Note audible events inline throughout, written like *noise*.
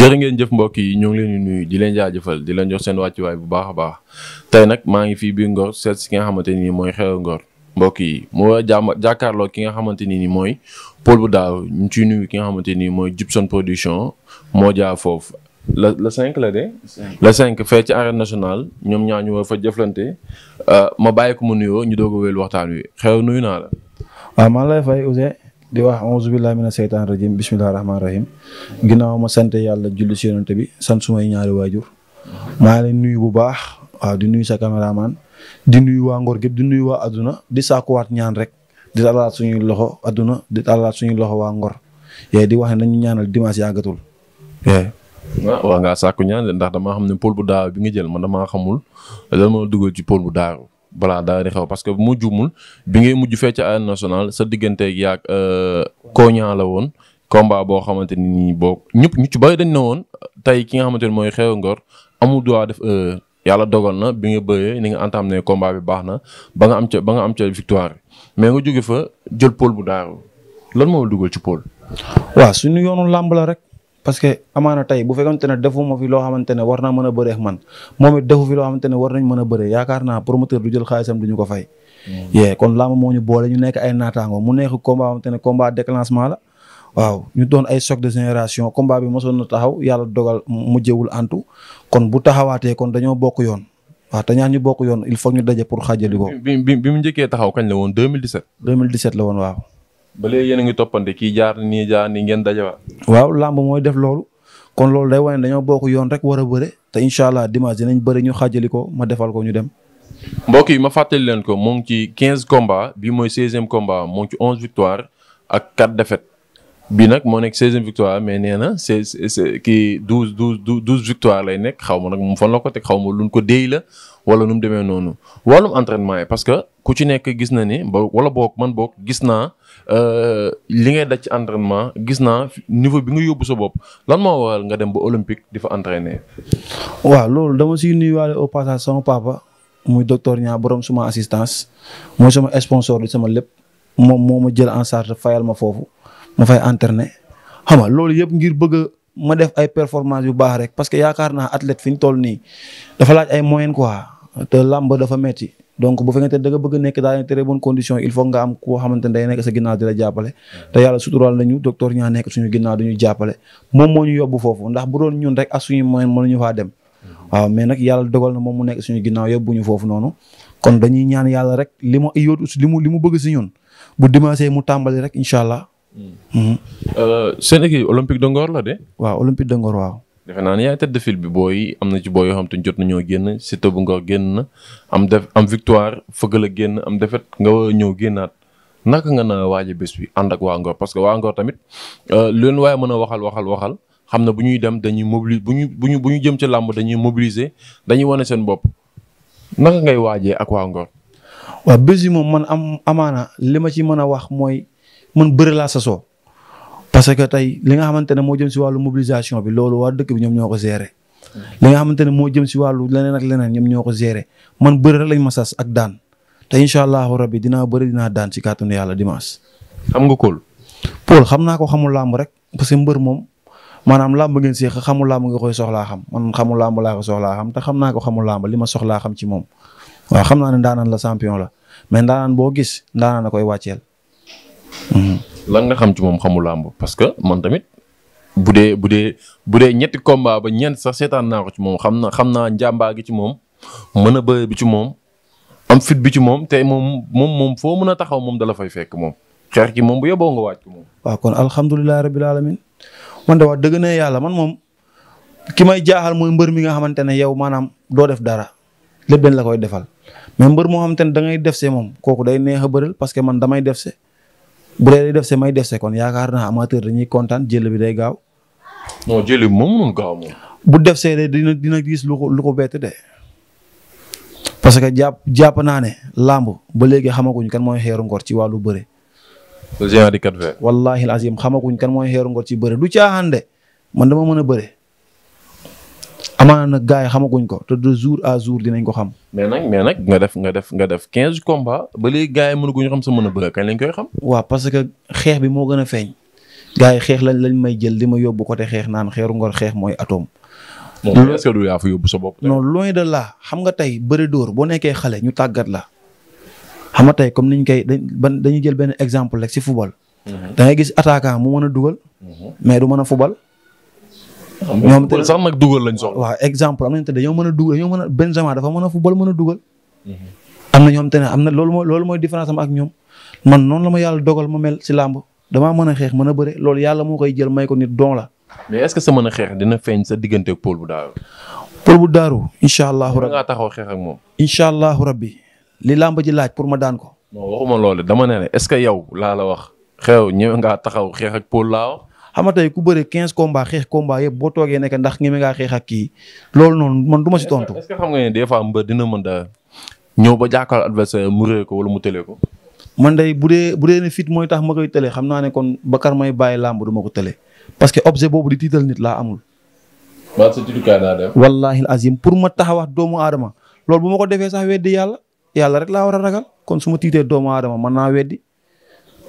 jërë ngeen jëf mbokk yi ñoo ngi leen di nuyu di leen jaajëfal di leen jox seen wàccuwaay bu baax a baax tey nag maa ngi fii biir Ngor seet si ki nga xamante ni mooy xew Ngor mbokk yi mu war jàkkaarloo ki nga xamante ni mooy Paul bu daaw ñu ciy nuyu ki nga xamante ni mooy Gibson production moo jaar foofu. la la cinq la de. la cinq fee ci arène nationale ñoom ñaa ñu war fa jëflante euh, ma bàyyi ko mu nuyoo ñu doog a wéyal waxtaan wi xew nuyu naa la. waaw ah, maa lay fay di wax auzu billahi mina seytaan rajim bismillahi rahmaani rahim ginnaaw ma sant yàlla julli si yonent bi sant sumay ñaari waajur maa leen nuyu bu baax waaw di nuyu sa caméraman di nuyu waa Ngor gépp di nuyu waa àdduna di saakuwaat ñaan rek di talaat suñuy loxo àdduna di talaat suñuy loxo waa Ngor di wax ne nañu ñaanal dimanche yàggatul waaw waa ngaa sàkku ñaan ndax damaa xam ne pôle bu daaw bi nga jël man damaa xamul lan moo dugal ci pôle bu daaw balaa dara di xew parce que mu juumul bi ngay mujj fee ca arène nationale sa digganteeg yaag euh, Koña la woon combat boo xamante ni boo ñëpp ñu ci bëri dañ ne woon tey ki nga xamante ni mooy Xewu Ngor amul droit def yàlla dogal na bi nga bëree ni nga am ne combat bi baax na ba nga am ca ba nga am ca victoire mais nga jóge fa jël pôle bu daaru lan moo dugal ci pôle. waaw suñu yoonu làmb la rek. parce que amaana tey bu fekkonte ne defuma fi loo xamante ne war naa mën a bëree ak man moom it defu fi loo xamante ne war nañ mën a bëree yaakaar naa promoteur du jël xaalisam du ñu ko fay. Mm. yee kon làmb moo ñu boole ñu nekk ay naataango mu nekk combat xamante ne combat déclenchement la. waaw ñu doon ay choc de na taxaw yàlla dogal mujjewul antu kon bu taxawaatee kon dañoo bokk yoon. waaw te ñaar ñu bokk yoon il faut ñu daje pour xaajali ko. bi bi bi mu njëkkee taxaw kañ la woon waaw. ba léegi yéen ngi toppante ki jaar nii jaar ni ngeen dajawaat. waaw làmb mooy def loolu kon loolu day wane dañoo bokk yoon rek war a bëre te incha allah dimanche dinañ bëri ñu xaajali ko ma defal ko ñu dem. mbokk yi ma fàttali leen ko mu ngi ci quinze combats bi mooy 16e moom mu ngi ci 11 victoire ak 4 défaites. bi nag moo nekk seizième victoire mais nee na c'est c'est kii douze douze douze victoire lay nekk xaw ma nag moom fan la ko teg xaw ma luñ ko déy la wala nu mu demee noonu wàllum entraînement yi parce que ku ci nekk gis na ni ba wala boog man boog gis naa euh, li ngay daj ci entraînement gis naa niveau bi nga yóbbu sa bopp lan moo waral nga dem ba olympique di fa entraîner. waaw loolu dama si nuyuwaale au passage sama papa muy docteur ñaa borom suma assistance mooy sama sponsor sama lépp moom moo ma jël en charge fayal ma foofu. ma fay entraîner xam nga loolu yëpp ngir bëgg ma def ay performance yu baax rek parce que yaakaar naa athlète fi ñu toll nii dafa laaj ay moyens quoi te làmb dafa metti donc bu fekkente da nga bëgg nekk dans une très bonne condition il faut koo xamante ne day nekk sa ginnaaw di la jàppale. te yàlla suturaal ñu docteur ñaa nekk suñu ginnaaw du jàppale moom moo ñu yóbbu foofu ndax bu doon ñun rek ak suñu moyen mënuñu faa dem. waaw mais nag yàlla dogal na moom mu nekk suñu ginnaaw yóbbu ñu foofu noonu. kon dañuy ñaan yàlla rek li ma yóotu li mu li mu bëgg si ñun mu tàmbali rek incha allah Mm-hmm. Uh, seen équipe olympique de Ngor la de. waaw olympique de Ngor waaw. defe naa yaay tête de bi booy am na ci booy yoo xam te jot nañoo génn Siteu bu Ngor génn na am def am victoire fëgg génn am defet nga ñëw génnaat naka nga na waaje bés bi ànd ak waa Ngor parce que waa Ngor tamit uh, lu leen waaye mën a waxal waxal waxal xam na bu ñuy dem dañuy mobili bu ñu bu ñu bu ñu jëm ci làmb dañuy mobiliser dañuy wane seen bopp naka ngay waaje ak waa Ngor. waaw bés yi moom man li ma ci mën a wax mooy man bëri laa sasoo parce que tey li nga xamante ne moo jëm si wàllu mobilisation bi loolu waa dëkk bi ñoom ñoo ko gérer. li nga xamante ne moo jëm si wàllu leneen ak leneen ñoom ñoo ko gérer man bëri rek lañ ma sas ak daan te incha allahu rabbi dinaa bëri dinaa daan si kàttanu yàlla dimanche. xam nga Paul. Paul xam naa ko xamul làmb rek parce que mbër moom maanaam làmb ngeen see xamul làmb nga koy soxlaa xam man xamul làmb laa ko soxlaa xam te xam naa ko xamul làmb li ma soxlaa xam ci moom waa xam naa ne ndaanaan la sampion la mais ndaanaan boo gis ndaanaan la koy wàcceel lan nga xam ci moom xamul làmb parce que man tamit bu dee bu dee bu dee ñetti combat ba ñeent sax seetaan naa ko ci moom xam na xam naa njàmbaa gi ci moom mën a bëre bi ci moom am fit bi ci moom te moom moom moom foo mën a taxaw moom dala fay fekk moom xeex gi moom bu yeboo nga waaj ko moom. waaw kon alhamdulilah rabil alamin man de wax dëgg na yàlla man moom ki may jaaxal mooy mbër mi nga xamante ne yow maanaam doo def dara lépp dañ la koy defal mais mbër moo xamante ne da ngay def see moom kooku day neex a bëral parce que man damay def see bu dee def see may def see kon yaakaar naa amateur dañuy kontaan jël bi day gaaw. non moom bu def see de dina dina gis lu ko lu ko bett de. parce que jàpp jàpp naa ne làmb ba léegi xamaguñ kan mooy xeeru ci wàllu bëre. le géant di 4V. wallaahi kan mooy xeeru ngor ci bëre du caaxaan de man dama mën a bëre. amaana nag gars yi xamaguñ ko te de jour à jour dinañ ko xam. mais nag mais nag nga def nga def nga def quinze combats ba léegi gars yi mënaguñ xam sa mën a bëgg kañ lañ koy xam. waaw parce que xeex bi moo gën a feeñ. gaa yi xeex lañ lañ may jël di ma yóbbu côté xeex naan xeeru ngor xeex mooy atome. moom est-ce que du yaa sa bopp. non loin de là xam nga tey bëre dóor boo nekkee xale ñu tàggat la xam nga tey comme niñ koy dañuy jël benn exemple rek si football. Mhm. da ngay gis attaquant mu mën ñoom te sax nag dugal lañ soxla. waaw exemple am nañu te mën a dugal dañoo a Benzema dafa mën a a dugal. Mhm. na ñoom te ne am na loolu mooy loolu mooy différence ak ñoom man noonu la ma yàlla dogal ma mel si làmb damaa mën a xeex mën a bëre loolu yàlla moo koy jël may ko nit don la. mais est-ce sa mën a xeex dina feeñ sa diggante ak Paul bu Daaru. Paul bu Daaru incha allahu rabbi taxaw xeex ak moom. incha allahu rabbi li làmb ji laaj pour ma daan ko. non waxuma loolu dama ne est-ce que yow laa la wax xew ñëw nga taxaw xeex ak Paul laa wax xam nga ku bëre quinze combats xeex combat yëpp boo toogee nekk ndax ñeme ngaa xeex ak kii lool noonu man du ma si tontu. est-ce que xam nga ne des fois a mu rëy ko wala mu tëlee ko. man day bu dee bu dee ne fit mooy tax ma koy tëlee xam naa ne kon bakar may bàyyi làmb du ma ko tëlee parce que objet boobu di tiital nit laa amul. maa sa pour ma tax wax doomu aadama loolu bu ma ko defee sax weddi yàlla yàlla rek laa war a ragal kon su ma tiitee doomu aadama mën naa weddi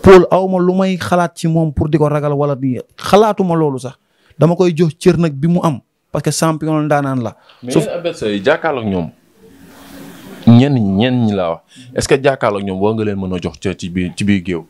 Paul awma lu may xalaat ci moom pour di ko ragal wala di xalaatuma loolu sax dama koy jox cër nag bi mu am parce que champion daanaan la. suuf mais adversaire yi jàkkaarloog ñoom ñenn ñenn ñi laa wax est-ce que jàkkaarloog ñoom war mën jox cër ci ci biir géew.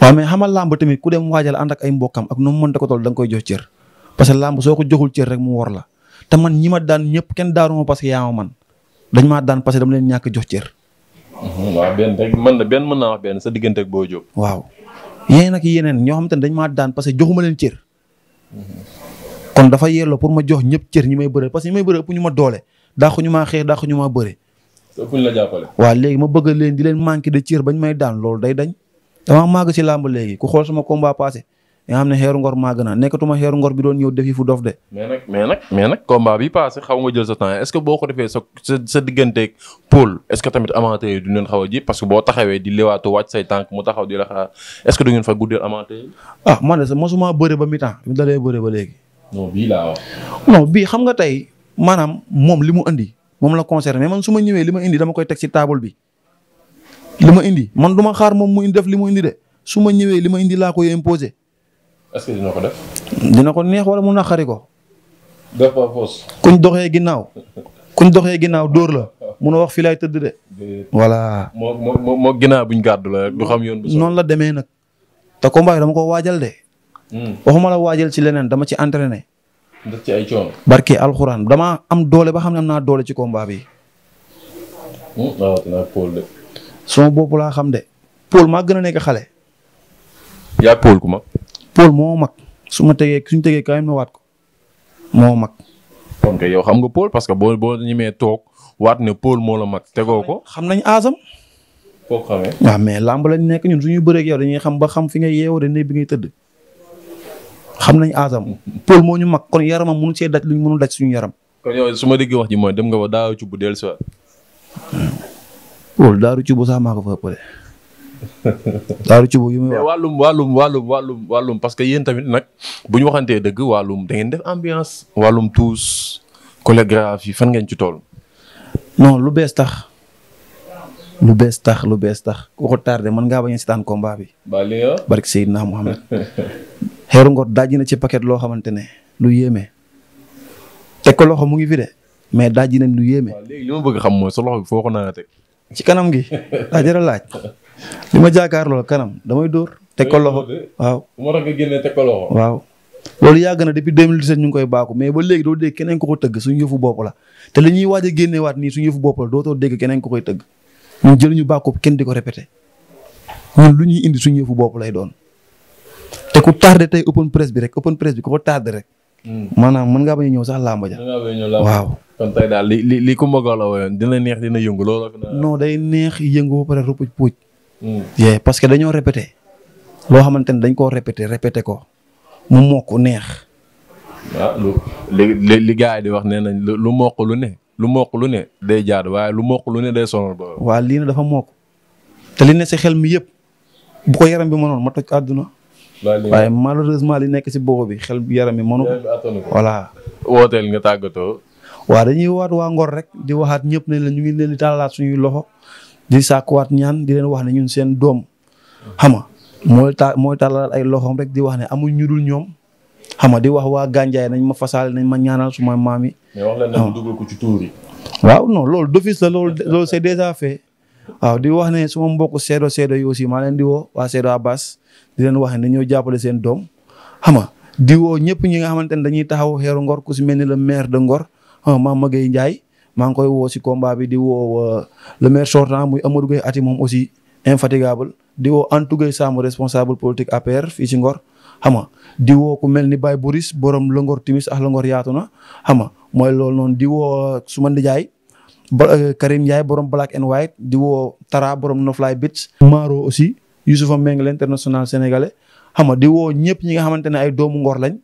waaw mais xamal làmb tamit ku dem waajal ànd ak ay mbokkam ak nu mu mënta ko toll da nga koy jox cër parce que làmb soo ko joxul cër rek mu war la te man ñi ma daan ñëpp kenn daanuma parce que yaa man dañ maa daan parce dama leen ñàkk jox cër. Mhm, waaw benn rek mën benn man naa wax benn sa diggante ak Boy Diop. waaw yéen ak yeneen ñoo xamante ne dañ maa daan parce que joxuma leen cër. Mhm. kon dafa yelloo pour ma jox ñëpp cër ñu may bëree parce que may bëre ëpp ñu ma doole daa ko maa xeex daa ko ñu maa ñu la jàppale. waaw léegi ma bëgg leen di leen manqué de cër bañ may daan loolu day dañ. damaa màgg si làmb léegi ku xool sama combat passé nga xam ne xeeru ngor maa gën a nekkatuma xeeru ngor bi doon ñëw def yi fu dof de. mais nag mais nag mais nag combat bi passé xaw ce que tamit amateur yi du leen xaw a que boo taxawee di lewaatu wàcc say tànk mu taxaw di la xaar est-ce que du ngeen fa guddeel amateur yi. ah man de sax mosuma bëre ba mi-temps bi mu dalee bëre ba léegi. non bii laa wax. xam nga tey maanaam moom li mu indi moom la concerné mais man su ma ñëwee li ma indi dama koy teg ci table bi li ma indi man du ma xaar moom mu indi def li mu indi de su ma ñëwee li ma indi laa koy imposer est-ce que dina ko def. dina ko neex wala mu naqari ko. def ba foos. kuñ doxee ginnaaw. kuñ doxee ginnaaw dóor la. mun a wax fii laay tëdd de. voilà. moo moo moo ginnaaw buñ gàddu la rek du noonu la demee nag. te combat yi dama ko waajal de. Hmm. waxuma la waajal ci leneen dama ci entraîné. def ci ay coono. barke alxuraan dama am doole ba xam ne am naa doole ci combat bi. Hmm, waaw dinaa Paul bopp laa xam de. Paul maa gën a nekk xale. yaa Paul ku Paul moo mag suma ma tegee suñ tegee kaay waat ko moo mag. kon yow xam nga Paul parce que boo boo ñemee toog waat ne Paul moo la mag tegoo ko. xam nañ asam koo xamee. mais làmb lañ nekk ñun suñuy bëree ak yow dañuy xam ba xam fi ngay bi ngay tëdd. xam nañ aasam Paul moo ñu mag kon yaramam mënu see daj luñ mënu daj suñu yaram. kon yow su ma wax ji mooy dem nga ba daal ci bu dellusiwaat. Paul daaru ci bu sax maa ko fa daaru ci bu yi muy wàllum wàllum wàllum wàllum wàllum parce que yéen tamit nag bu ñu waxantee dëgg wàllum da ngeen def ambiance wàllum tuus chorégraphie fan ngeen ci tool non lu bees tax lu bees tax lu bees tax ku ko tardé mën ngaa bañ a seetaan combat bi. baliya barke Seydina Mohamed. *laughs* Xeeru Ngor dajji na ci paquet loo xamante ne lu yéeme. teg ko loxo mu ngi fi de mais dajji nañ lu yéeme. waaw léegi li ma bëgg xam mooy sa loxo bi foo ko naa teg. ci kanam gi daa *laughs* ah, laaj li ma jaakaar loolu kanam damay dóor te ko loxo waaw moo tax nga génne teg ko loxo waaw loolu yàgg na depuis 2017 ñu ngi koy baaku mais ba léegi doo dégg keneen ko ko tëgg suñu yëfu bopp la te li ñuy waaj a génneewaat suñu yëfu bopp dootoo dégg keneen ko koy tëgg ñun jël ñu bàkku kenn di ko répété ñun lu ñuy indi suñu yëfu bopp lay doon te ku tardé tey open press bi rek open press bi ku ko tardé rek maanaam mën ngaa bañ a ñëw sax làmb ja waaw kon tey ku mbagoo la woyoon dina neex dina yëngu loolu non day neex yëngu ba pare rupuj hmm. parce que dañoo répété loo xamante ne dañ koo répété répété ko mu mokk neex waaw ah, lu li li yi di wax nee nañ lu mokk lu ne lu mokk lu ne day jaadu waaye lu mokk lu ne day sonal ba waaw lii ne dafa mokk te li ne si xel mi yëpp bu ko yaram bi mënoon ma toj àdduna waaye malheureusement li nekk si bopp bi xel yaram yi mënu voilà wooteel nga tàggatoo waaw dañuy waat waa Ngor rek di waxaat ñëpp nañ la ñu ngi leen di tàllalaat suñuy loxo di saakuwaat ñaan di leen wax ne ñun seen doom xam nga mooy ta mooy tàllalaat ay loxoom rek di wax ne amuñ ñu ñoom xam nga di wax waa gànjaay nañ ma fasaale nañ ma ñaanal suma ma maam yi. mais wax waaw non loolu d'office la loolu c'est déjà fait. waaw di wax ne suma mbokk seedo seedo yi aussi maa leen di woo waa seedo Abbas di leen wax ne dañoo jàppale seen doom xam nga di woo ñëpp ñi nga xamante ne dañuy taxaw xeeru Ngor ku si mel ni le maire de Ngor xam ah, nga Maguette maa ngi koy woo si combat bi di woo euh, le maire sortant muy Amadou Gueye Ati moom aussi infatigable di woo Antou Gueye Samb responsable politique APR fii si Ngor xam di woo ku mel ni baay Boris borom la Ngor timis ak la Ngor yaatu na xam mooy loolu noonu di woo euh, suma ndijaay ba euh, Karim Ndiaye borom black and white di woo Tara borom no fly beach. Maro aussi Youssoufa Meng l'international sénégalais xam nga di woo ñëpp ñi nga xamante ne ay doomu ngor lañ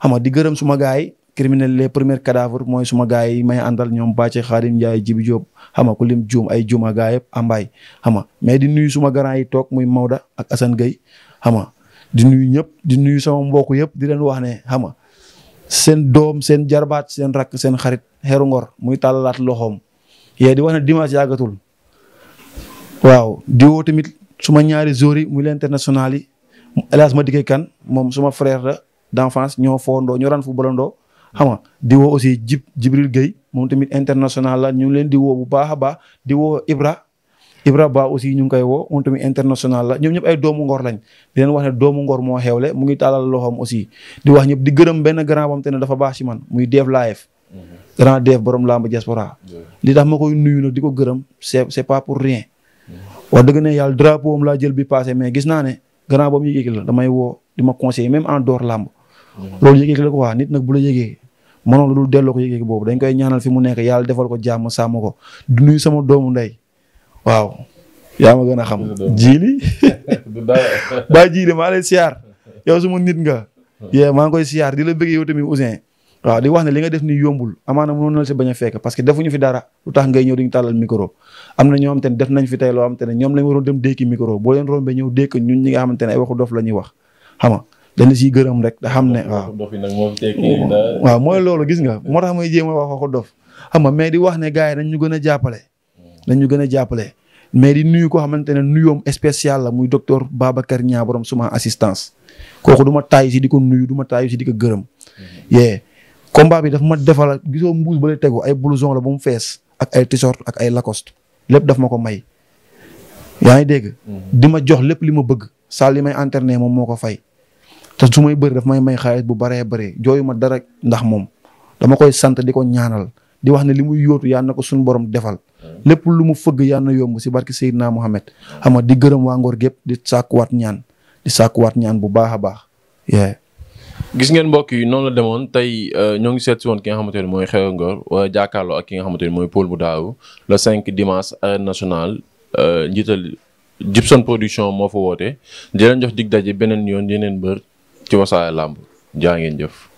xam di gërëm suma gars yi criminel les premiers cadavres mooy suma gars yi may àndal ñoom Bàcce Xaadim Ndiaye Jibi Diop xam nga juum ay juuma yëpp ambaay xam mais di nuyu suma grand yi toog muy Maoda ak Assane Gueye xam nga di nuyu ñëpp di nuyu sama mbokk yëpp di leen wax ne xam seen doom seen jarbaat seen rakk seen xarit xeeru ngor muy tàllalaat loxoom yee di wax ne dimanche yàggatul waaw di woo tamit suma ñaari joueurs yi muy l'international yi hélas ma dikkee kan moom suma frère la d'enfance ñoo foondoo ñoo daan footballandoo xam nga di woo aussi Jib Jibril Gueye moom tamit international la ñu ngi leen di woo bu baax a baax di woo Ibra Ibra Ba aussi ñu ngi koy woo moom tamit international la ñoom ñëpp ay doomu ngor lañ di leen wax ne doomu ngor moo xewle mu ngi taalal loxoom aussi di wax ñëpp di gërëm benn grand bam te ne dafa baax ci man muy Def Live Mm-hmm. grand def borom làmb diaspora li tax ma koy nuyu nag di ko gërëm c'est c'est pas pour rien mm-hmm. wax dëgg ne yàlla drapeau am laa jël bi passé mais gis naa ne grand boobu yëgeeg damay woo di ma conseiller même en dehors làmb mm-hmm. loolu yëgeeg la ko waa nit nag bu la yëgee mënoo lu dul delloo ko yëgeeg boobu dañ koy ñaanal fi mu nekk yàlla defal ko jàmm sàmm ko du nuyu sama doomu ndey waaw yaa ma gën a xam jiili baa jiili maa lay siyaar yow suma nit nga *laughs* yee maa ngi koy siyaar di la bëgg yow tamit Ouzin waaw di wax ne li nga def ni yombul amaana mënoon na si bañ a fekk parce que defuñu fi dara lu tax ngay ñëw duñu tàllal micro am na ñoo xamante ne def nañ fi tey loo xamante ne ñoom lañ waroon dem dékki micro boo leen rombee ñëw dékk ñun ñi nga xamante ne ay waxu dof la ñuy wax xam nga gërëm rek da xam ne waaw waaw mooy loolu gis nga moo tax jéem a wax waxu dof xam nga mais di wax ne gars yi dañ ñu gën a jàppale dañ ñu gën a jàppale mais di nuyu ko xamante ne nuyoom spécial la muy docteur Babacar Niang borom suma assistance kooku du ma taayu si di ko nuyu duma ma taayu si di ko gërëm mm-hmm. combat bi daf ma defal gisoo mbuus ba la tegu ay blouson la ba mu fees ak ay t-shirt ak ay lacoste lépp daf ma ko may. yaa ngi dégg. Mm-hmm. di ma jox lépp li ma bëgg. saal li may entraîné moom moo ko fay. te su may bëri daf may may xaalis bu baree baree jooyu ma dara ndax moom dama koy sant di ko ñaanal di wax ne li muy yootu yàlla na ko suñu borom defal. Mm-hmm. lépp lu mu fëgg yàlla na yomb si barki Seydina naa xam nga di gërëm waa Ngor gépp di saakuwaat ñaan di ñaan bu baax a baax. gis ngeen mbokk yi noonu la demoon tey euh, ñoo ngi seet si woon ki nga xamante ne mooy Xeweul Ngor wala jàkkaarloo ak ki nga xamante ne mooy Paul bu daaw le cinq dimas arène nationale euh, njiital Gibson production moo fa woote di leen jox dig daje beneen yoon yeneen bër ci Wassare làmb jaa ngeen jëf.